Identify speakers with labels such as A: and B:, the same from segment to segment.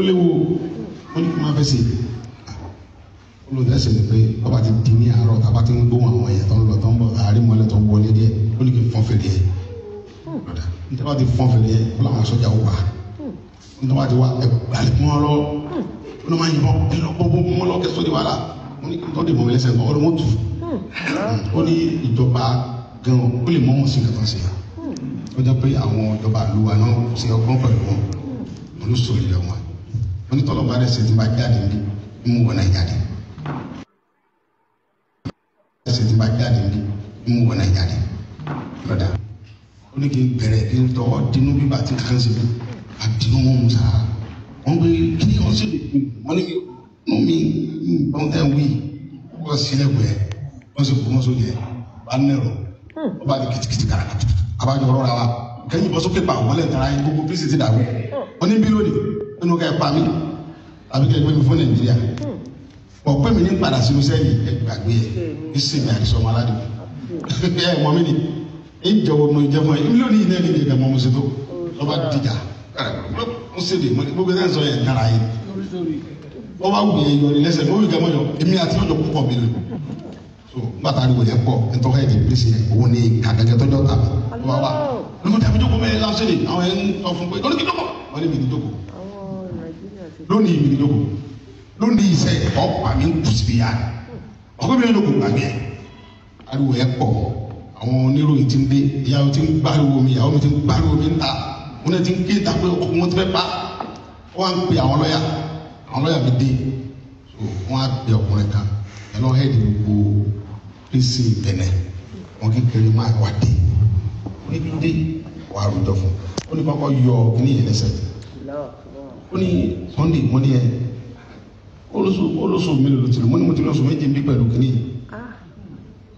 A: ó léwu ó ní kí n máa fẹ́ sí i olùdásẹ̀ ni pé ọba ti di ní àárọ̀ tàbá ti ń gbóhùn àwọn èèyàn tó ń lọ tó ń bọ̀ àárín mọ́lẹ̀ tó ń wọlé díẹ̀ ó ní kí n fọ́n fèrè yẹn lọ́dà nítorí wọ́n ti fọ́n fèrè yẹn ó làwọn sọ́jà ó wà nítorí wọ́n ti wá àlékún wọn lọ ó ló máa yìnbọn ẹ lọ bọ́ bọ́ mọ́ lọ́kẹ́ sóde wàhálà ó ní kí n tọ́ de mọ̀mí lẹ́sẹ̀ nǹkan ó ló mọ̀ tù ó ní ìjọba gan ó lè mọ́mọ́ sí nǹkan sí ó jẹ́ pé àwọn ìjọba àlùwà náà ṣe onítọ̀lọ́ bá dẹ̀ ṣe ti bá jáde ní mo wọ̀ náà jáde ṣe ti bá jáde ní mo wọ̀ náà jáde lọ́dà ó ní kí n bẹ̀rẹ̀ kí n tọwọ́ dínú bíbá tí nǹkan ṣe mí àdínú wọn mú sáà wọn gbé kí ni wọn ṣe lè fi wọn ní nù mí nǹkan tẹ̀ wí wọ́n sílẹ̀ wẹ̀ wọ́n sì kú wọ́n sóye bá nẹ̀rọ hmm. wọ́n bá di kìtìkìtì kàrà àbájọ ọ̀rọ̀ wa kẹ́yìn bọ́ sókè pa àwọn lẹ́tara yín gbogbo píìsì ti dàgbọ́ oníbíró ni nínú ká ẹ pa mí àbí kẹ́ ẹ gbé mi fún nàìjíríà pọ̀ pé mi ní padà sínú sẹ́yìn ẹ gbàgbé ẹ hmm. ní sèmi àdìsọ ọmọ aládùn ẹ mọ mi ni ẹ jọ̀wọ́ mo jẹ fún ẹ ilé òní iná ni ìdẹ̀gbẹ̀ mọ mo ṣe tó lọ́ba dìjà mo ṣe dè mo gbogbo ẹ̀ sọ yẹn dára yẹn wọ́n bá wù yẹn yọrí lẹ́sẹ̀ lórí gẹ́mọ́ yọ èmi àti ọjọ́ púpọ̀ mi lò so gbàtà ni wò yẹn pọ̀ ntọ́ka yẹn ti pèsè òun ni kàkẹ́kẹ́ tọ́jọ́ tàbí wọ́n bá wà lọ́mọ tàbí jókòó mẹ́rin lásán ni àwọn ẹ̀ ń sọ fún pé lónìí jókòó wọ́n ní mi ní jókòó lónìí mi ní jókòó lónìí sẹ́ ọ̀pá mi ń kù síbi yá ọ̀pá mi ní jókòó gbàgbé ariwo ẹ̀ pọ̀ àwọn oníròyìn ti ń dé ìyàwó ti ń gbariwo mi ìyàwó mi ti ń gbariwo mi ń ta wọn ti ń ké ta pé wọn ti fẹ́ pa wọn á ń pe àwọn lọ́yà àwọn lọ́yà mi dé wọn á bẹ ọkùnrin kan ẹ lọ́ hẹ́ẹ̀dì gbogbo pèsè ìbẹ̀nẹ̀ wọn kékeré máa wá dé níbi dé wàá rújọ fún ó ní kọ́kọ́ yọ kíní yìí lẹ́sẹ̀ ó ní sunday mo ní ẹ olóṣù olóṣù mi lòlù tìlú mo ní mo ti lóṣù méje mi pẹ̀lú kíní yìí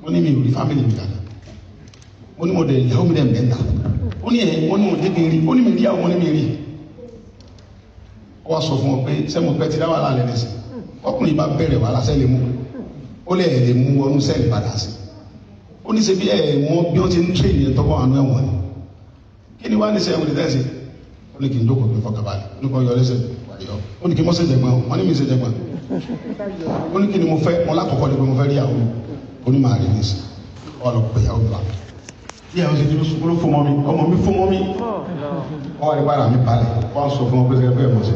A: mo ni mi ò rí fámìlì mi kàkà mo ni mo dẹ̀ ìyàwó mi dẹ̀ mẹ́ta ó ní ẹ mo ní mo dé mi rí o ni mi rí àwọn mo ní mi o ó wá sọ fún ọ pé sẹ́mu pẹ́ ti dá wàhálà lẹ́nu sí ọkùnrin bá bẹ̀rẹ̀ wàhálà sẹ́lẹ̀ mú ó lẹ̀ lè mú ọdún sẹ́lẹ̀ padà sí i ó ní ṣe bí ẹ̀wọ̀n bí wọ́n ti ń tún ènìyàn tọ́kọ̀ àánú ẹ̀wọ̀n ni kí ni wá ní sẹ́yìn wòlé tẹ́sí ó ní kí n jókòó pé fọkàbalẹ̀ ó ní kí wọ́n yọ lẹ́sẹ̀ wáyọ ó ní kí mọ́sẹ̀ jẹ̀gbọ́n wọ́n ní mi ṣe jẹ̀gbọ́n ó ní kí ni mo fẹ́ mo lákọ̀ọ́kọ́ ni pé mo fẹ́ rí àwọn onímọ̀ àrí mi sí ọ lọ pé ìyàwó bá bí àwọn ṣe dúró sukúrú fún mọ́ ọmọ mi fún mọ́ ọ wà ní bára mi balẹ̀ wọ́n sọ fún ọ pé pé ẹ̀ mọ̀ sí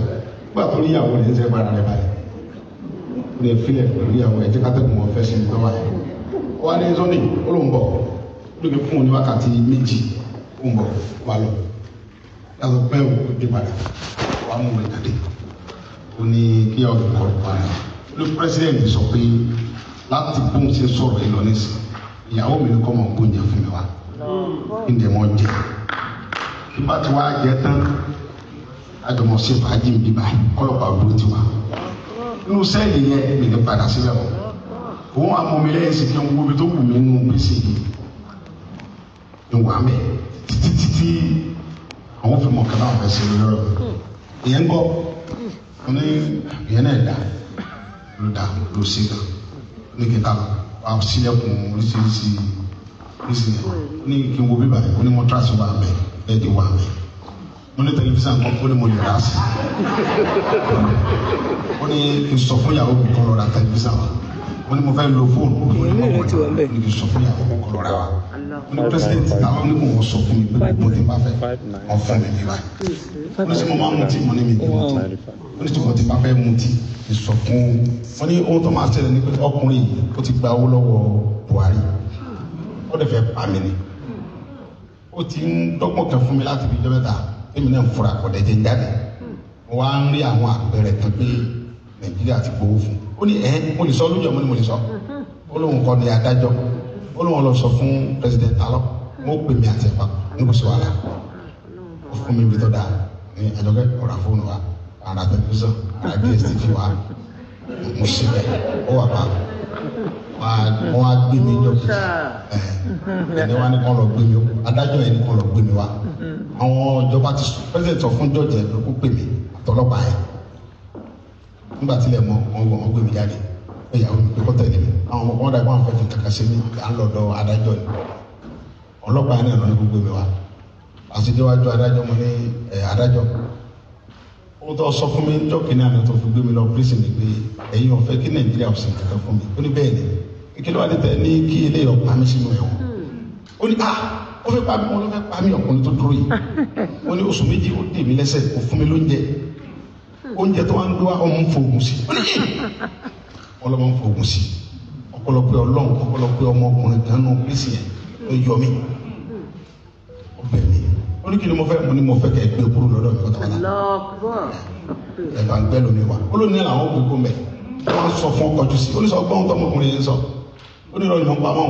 A: gbà tó ní ìyàwó wà ní sunday ó ló ń bọ̀ lókè fún òní wákàtí méjì ó ń bọ̀ wà lọ yàtọ̀ pẹ́ ò dé padà wà mú rẹ̀ jáde ó ni kí ọ̀dọ̀ kọ̀ padà ló president sọ pé láti bóun ṣe sọ̀rọ̀ yìí lọ nísìnyí ìyàwó mi kọ́ mọ̀ gbóúnjẹ fún mi wá kí dẹ̀ mọ̀ jẹ kí bá ti jẹ tán àjọmọ̀ ṣe fàájì bíbá kọ́lọ́pàá dúró tiwa inú sẹ́ẹ̀lì yẹn mi ní padà síbẹ̀ wọ̀ òun amọ̀mí lẹ́yìn sí kí n wo ibi tó wù mí nínú gbèsè yìí ń wà mẹ́ títí títí àwọn fi mọ̀ kan náà fẹ́ sí lọ́rọ̀ ìyẹn ń kọ́ ọ ní ìyẹn náà dá ló dá ló sí kan ní kí n ta àṣìlẹ̀kùn oríṣiríṣi oríṣiríṣi ní kí n wo bíbá yẹn ó ní mo tíráṣì wà mẹ́ ẹ̀dì wà mẹ́ mo ní tẹlifíṣàn kan ó ní mo lè rà sí ó ní n fún yàrá òkú kan lọ tẹlifíṣàn wa mo ní mo fẹ́ lo fóònù mo fi sọ fún yàrá kọ́kọ́ lọ́ra wa mo ní president àwọn onímọ̀ sọ fún mi pé mo ti máa fẹ́ wọ́n fún mi níbà mo ní sọ mo máa ń mutí mo ní mi kì í mutí mo ní sọ mo ti máa fẹ́ mutí ìsọkún mo ní ohun tó máa ṣẹlẹ̀ ni pé ọkùnrin yìí ó ti gba owó lọ́wọ́ Buhari ó dẹ̀ fẹ́ pa mí ni ó ti ń dọ́gbọ́n kan fún mi láti fi jẹ́mẹ́ta èmi náà ń fura kọ̀dẹ̀jẹ̀ jáde wọ́n á ń rí àwọn àpẹẹrẹ kan pé Nàìjíríà ti gbowó fún un ó ní ẹ mo lè sọ lójú ọmọ ni mo lè sọ ó lóun kọ́ ni adájọ́ ó lóun lọ sọ fún president alọ mo pè mí àti ẹ̀pà ní kò sí wàhálà ó fún mi ibi tó dáa ní àjọkẹ́ ọ̀rà fóònù wa ara tẹlifíṣàn ara dstv wa mo ṣe bẹ́ẹ̀ ó wà pa wọn á gbé mi jọ kejì ẹni wa ni kàn lọ gbé mi o adájọ́ yẹn ni kàn lọ gbé mi wa àwọn ìjọba ti sọ sọ fún jọjẹ pé kó pè mí àtọlọ́pàá yẹn nígbà tílẹ̀ mọ́ wọn wọ wọn gbé mi jáde pé ìyàwó mi pé kọ́ tẹ̀lé mi àwọn ọmọ kan dàgbọ́n àfẹ́fẹ́ kankan ṣe mí à ń lọ dọ̀ adájọ́ ni ọlọ́pàá náà lọ́ọ́ gbogbo mi wá àṣìdéwájú adájọ́ mo ní adájọ́ ó tọ́ sọ mi níjọ́ kìíní àná tó fi gbé mi lọ prison ni pé ẹ̀yin ọ̀fẹ́ kí nàìjíríà ọ̀sìn kankan fún mi ó ní bẹ́ẹ̀ ni kí ló wà ní kí ilé ọ̀pá mi sínú ẹ̀wọ̀n ó ní ah ó fẹ́ pa mí wọn ló fẹ́ pa mí ọkùnrin tó dúró yìí ó ní oṣù méjì ó dè mí lẹ́sẹ̀ kò fún mi lóúnjẹ oúnjẹ tó wọn ń gbọ́ ọmọ ń fògùn sí ọlọ́mọ ń fògùn sí ọ̀pọ̀lọpọ̀ ọlọ́run ọ̀pọ̀lọpọ̀ ọmọkùnrin kan nù bísí yẹn ló yọ mí ọbẹ̀ mi oníkìlì mo fẹ́ mo ní mo fẹ́ kẹ́ ẹ gbé kúrò lọ́dọ̀ mi kọ́tà wàlá ẹ bá ń gbẹ́ lómi wa olóòní làwọn gbogbo mẹ́ wọn sọ fún ọkọ̀jú sí oníṣọ́ gbọ́n tọmọkùnrin yẹn sọ onírọ̀ yìí wọn pa mọ́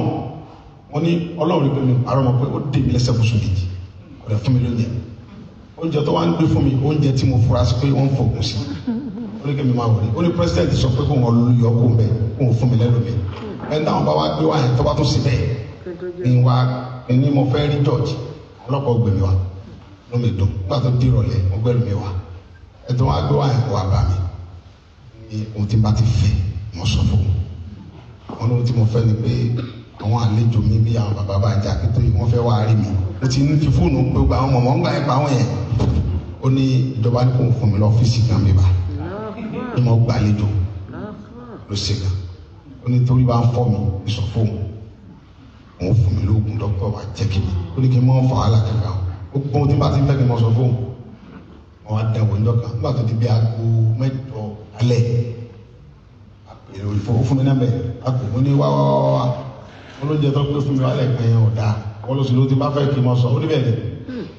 A: wọn ní ọlọ́run rí pé mi àrọ́mọ pé ó dé mi lẹ́sẹ̀ fún sùn méjì ọ̀rẹ́ fún mi lónìí oúnjẹ tó wá ń gbé fún mi oúnjẹ tí mo fura sí pé wọ́n ń fòkun sí ó ní kí mi máa wọlé ó ní president sọ pé kò wọ́n lu yọ kó mbẹ kó wọ́n fún mi lẹ́nu mi ẹni táwọn bá wá gbé wá yẹn tó bá tún sí bẹ́ẹ̀ ni wá ni mo fẹ́ rí george ọlọ́pàá ògbèmí wa ló mi dùn nígbà tó di ìrọ̀lẹ́ mo gbẹ́rù mi wá ẹ̀tọ́ wá gbé wá yẹn kó wá bá mi ni ohun tí n bá ti fẹ́ mo sọ fún un wọn lóhun tí mo fẹ́ ni pé àwọn àlejò mi bí àwọn bàbá bá jà kí tó yìí wọ́n fẹ́ wá rí mi mo ti ní ti fóònù pé gba àwọn mọ̀mọ́ ń gbà yẹn pa àwọn yẹn ó ní ìjọba ní kò ń fún mi lọ ọ́fíìsì kan mi bá ní mo gbàlejò ló ṣe kan ó ní torí bá ń fọ́ mi ìsọfóun òun fún mi lóògùn dọ́kítọ̀ wa jẹ́ kí mi ó ní kí n mọ́ fà á làkàkà ó gbọ́n tí bá ti ń fẹ́ kí n mọ́ sọ fóun wọn á dẹ̀wò ńjọ kan nígbà tó ti bí aago mẹ́jọ alẹ́ èrò ìfowó fún mi náà bẹ̀ aago mo ní wá wá wá wá wọn ló jẹ tó pé fún mi wá lẹ́gbẹ̀ẹ́ ọ̀dà wọn ló sì ló ti bá fẹ́ kí n mọ́ sọ ó ní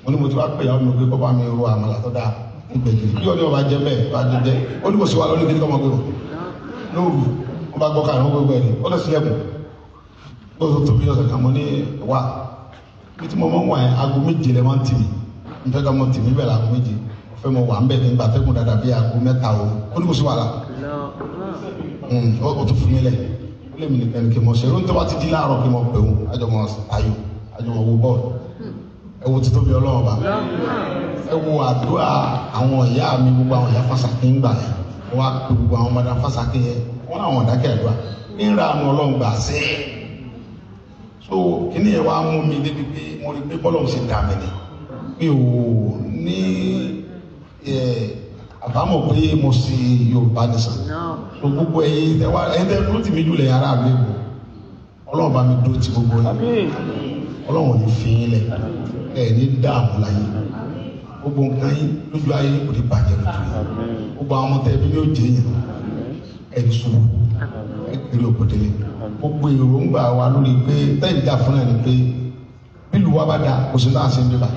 A: ó ní mo ti wá pè yàwó mi pé kọ́ bá mi ro àmàlà tó dáa nígbèjì yóò ní ọba jẹ bẹ́ẹ̀ bá jẹ jẹ ó ní mo sì wà lórí kíkọ́ ọmọ gbèrò lóru ó bá gbọ́ ká àwọn gbogbo ẹ̀ ní ó lọ sílẹ̀ kù tóbi ọ̀sẹ̀ kan ní wà bí tí mo mọ̀ wà aago méje lẹ́ máa tìmí n fẹ́ ka mọ tìmí bẹ̀rẹ̀ aago méje fẹ́ mo wà ń bẹ̀ nígbà fẹ́ mo dada bí aago mẹ́ta o hmm, ó ní mo la ó tún fún mi lẹ̀ ó lè mi nìkan kí mo ṣe ló ń tẹ́ wá ti di láàárọ̀ kí mo pè ó àjọmọ̀ ayò àjọmọ̀ wo bọ́ọ̀lù ẹ wo títóbi ọlọ́run ọba ẹ wo àdúrà àwọn ìyá mi gbogbo àwọn ìyá fásakín gbà yẹn wọn á pe gbogbo àwọn ọmọdé fásakín yẹn wọn làwọn ọ̀dákẹ́ àdúrà ńlá àánú ọlọ́run gbà sí i so kíní yẹn wàá mú mi débi pé mo rí pé bọ́lọ́run ṣe dà mí ni mi ò ní àbámọ̀ pé mo sì Yorùbá nìsan so gbogbo ẹ̀yin tẹ wá ẹ̀yin tẹ dúró tì mí jùlẹ̀ ara mi wò ọlọ́run bá mi dúró tì gbogbo yín ọlọ́run ò ní fi yín lẹ̀ ẹ̀ ní dààmú láyé gbogbo nǹkan yín lójú ayé kò ní bàjẹ́ lójú yín gbogbo àwọn ọmọ tẹ̀bí ní òjì yín ẹ̀rí sùúrù ẹ̀rí òkòtẹ́lẹ̀ gbogbo èròǹgbà wa lórí pé bẹ́ẹ̀ dà fún ẹni pé bílù wa bá da kò sí náà sí ń bíbá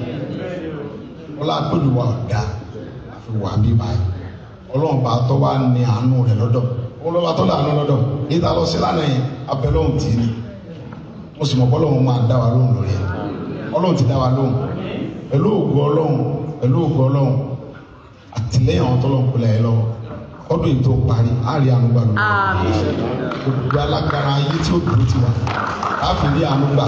A: ọlá pẹ̀lú wa ò da àfi wà bíbá yìí ọlọ́run bá tọ́ wá ní àánú rẹ̀ lọ́dọ̀ ọlọ́run bá tọ́ láàánú lọ́dọ̀ yìí ta lọ sí lánàá yẹn abẹ́lọ́hùn tì ọlọ́run ti dá wa lóhùn pẹ̀lú ògùn ọlọ́run pẹ̀lú ògùn ọlọ́run àtìlẹ́yìn àwọn tọ́lọ̀ ń kulẹ̀ ẹ lọ́wọ́ ọdún yìí tó parí àárí ànúgbà ló gbogbo alágbára ayé tí ó dúró ti wà láti rí ànúgbà.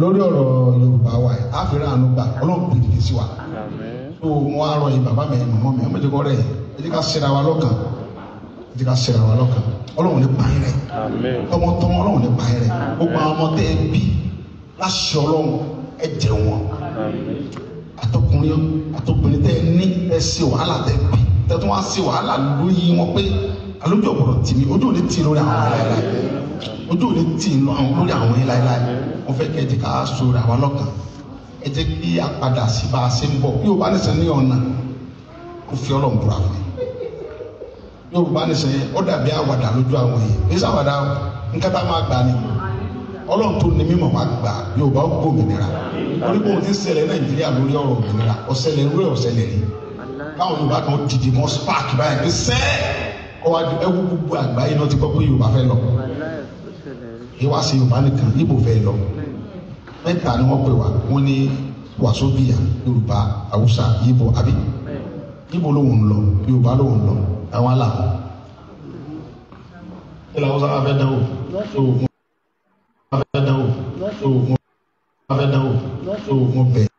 A: lórí ọ̀rọ̀ yorùbá wa yìí àfẹ́rẹ́ ànúgbà ọlọ́run kò sí wa. tó wọn á yìí bàbá mi ẹ̀ mọ̀ mi ẹ̀ mọ̀ jẹ́ kọ́ rẹ̀ ẹ̀ jẹ́ ká ṣẹ̀ra wa lọ́kàn jẹ́ ká ṣẹlẹ̀ wà lọ́kàn ọlọ́run ní pa ẹrẹ ọmọ tọmọ ọlọ́run ní pa ẹrẹ gbogbo àwọn ọmọ tẹ ẹ bí láṣẹ ọlọ́run ẹ jẹ wọn àtọkùnrin àtọkùnrin tẹ ẹ ní ẹ ṣe wàhálà tẹ bí tẹ tún wá ṣe wàhálà lóyè wọn pé alójú ọ̀pọ̀lọ̀ tì mí ojú ò ní tì lórí àwọn ẹ̀láyà ojú ò ní tì lórí àwọn ẹ̀láyà mo fẹ́ kẹ́ ẹ ká sọ̀rọ̀ àwa lọ́kàn ẹ kí a sí bá a ṣe ń bọ̀ bí o bá ní sẹ́ni ọ̀nà kò fi ọlọ́run búra fún mi. yorùbá nìsín ó dàbí àwàdà lójú àwọn yìí bí sàwàdà nkátà máa gbà ni ọlọ́run tó ní mímọ̀ wá gbà yorùbá ó òmìnira ní sẹlẹ̀ nàìjíríà lórí ọ̀rọ̀ òmìnira ọ̀sẹ̀lẹ̀ lórí ọ̀sẹ̀lẹ̀ ni káwọn yorùbá dìde mọ́ spark báyìí sẹ́ ẹwú ni wọ́n pè wá wọ́n ní yorùbá àwọn alàkọ́ ilẹ̀ haúsá wà fẹ́ dánwò tó wọ́n fẹ́ dánwò tó wọ́n fẹ́ dánwò tó wọ́n bẹ̀.